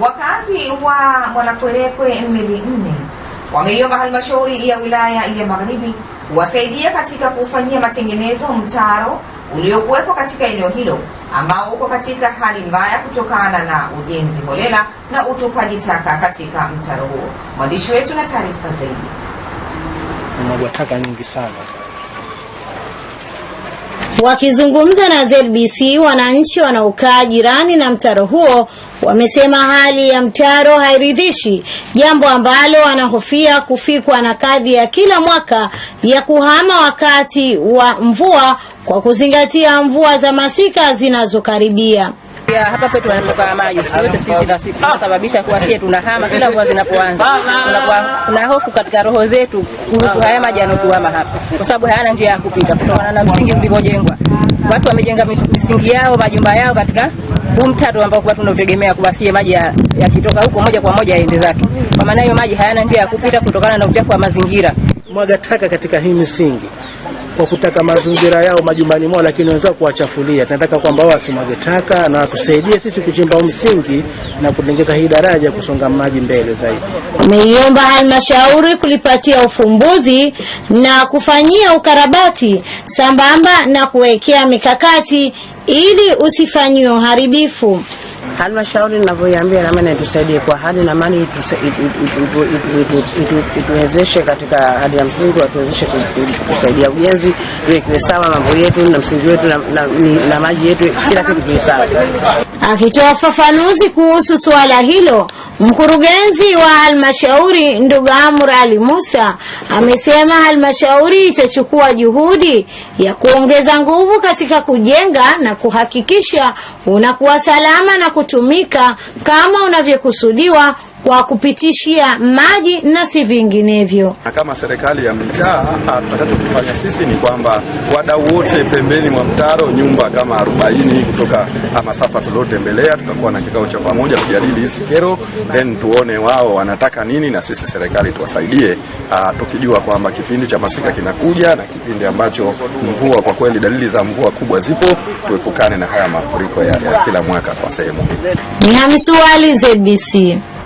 Wakazi wa Mwanakwerekwe Mili Nne wameiomba halmashauri ya wilaya ya Magharibi kuwasaidia katika kufanyia matengenezo mtaro uliokuwepo katika eneo hilo ambao uko katika hali mbaya kutokana na ujenzi holela na utupaji taka katika mtaro huo. Mwandishi wetu na taarifa zaidi. Mnagwa taka nyingi sana. Wakizungumza na ZBC, wananchi wanaokaa jirani na mtaro huo wamesema hali ya mtaro hairidhishi, jambo ambalo wanahofia kufikwa na kadhi ya kila mwaka ya kuhama wakati wa mvua kwa kuzingatia mvua za masika zinazokaribia pia hapa kwetu wanatoka maji siku yote sisi, na sisi tunasababisha kuwa sisi tunahama kila mvua zinapoanza, tunakuwa na hofu katika roho zetu kuhusu haya maji yanotuama hapa, kwa sababu hayana njia ya kupita kutokana na msingi ulivyojengwa. Watu wamejenga misingi yao majumba yao katika huu mtaro ambao kwa tunautegemea kwa sisi maji yakitoka ya huko moja kwa moja yaende zake. Kwa maana hiyo maji hayana njia ya kupita kutokana na uchafu wa mazingira. Mwaga taka katika hii misingi kwa kutaka mazingira yao majumbani mwao, lakini wenzao kuwachafulia. Tunataka kwamba wao wasimwage taka na watusaidie sisi kuchimba msingi na kutengeza hii daraja kusonga maji mbele zaidi. Wameiomba halmashauri kulipatia ufumbuzi na kufanyia ukarabati sambamba na kuwekea mikakati ili usifanyiwe uharibifu. Halmashauri ninavyoiambia na maana itusaidie kwa hali na mali, ituwezeshe katika hali ya msingi, watuwezeshe kusaidia ujenzi, tuwekiwe sawa mambo yetu na msingi wetu na maji yetu, kila kitu kiwe sawa. Akitoa ufafanuzi kuhusu suala hilo Mkurugenzi wa halmashauri ndugu Amr Ali Musa amesema halmashauri itachukua juhudi ya kuongeza nguvu katika kujenga na kuhakikisha unakuwa salama na kutumika kama unavyokusudiwa wa kupitishia maji na si vinginevyo. Na kama serikali ya mitaa ah, tutakachokifanya sisi ni kwamba wadau wote pembeni mwa mtaro, nyumba kama 40 kutoka ah, masafa tuliotembelea, tutakuwa na kikao cha pamoja kujadili hizi kero, then tuone wao wanataka nini na sisi serikali tuwasaidie, ah, tukijua kwamba kipindi cha masika kinakuja na kipindi ambacho mvua kwa kweli dalili za mvua kubwa zipo, tuepukane na haya mafuriko ya, ya kila mwaka kwa sehemu hii. Ni Hamisi Wali, ZBC.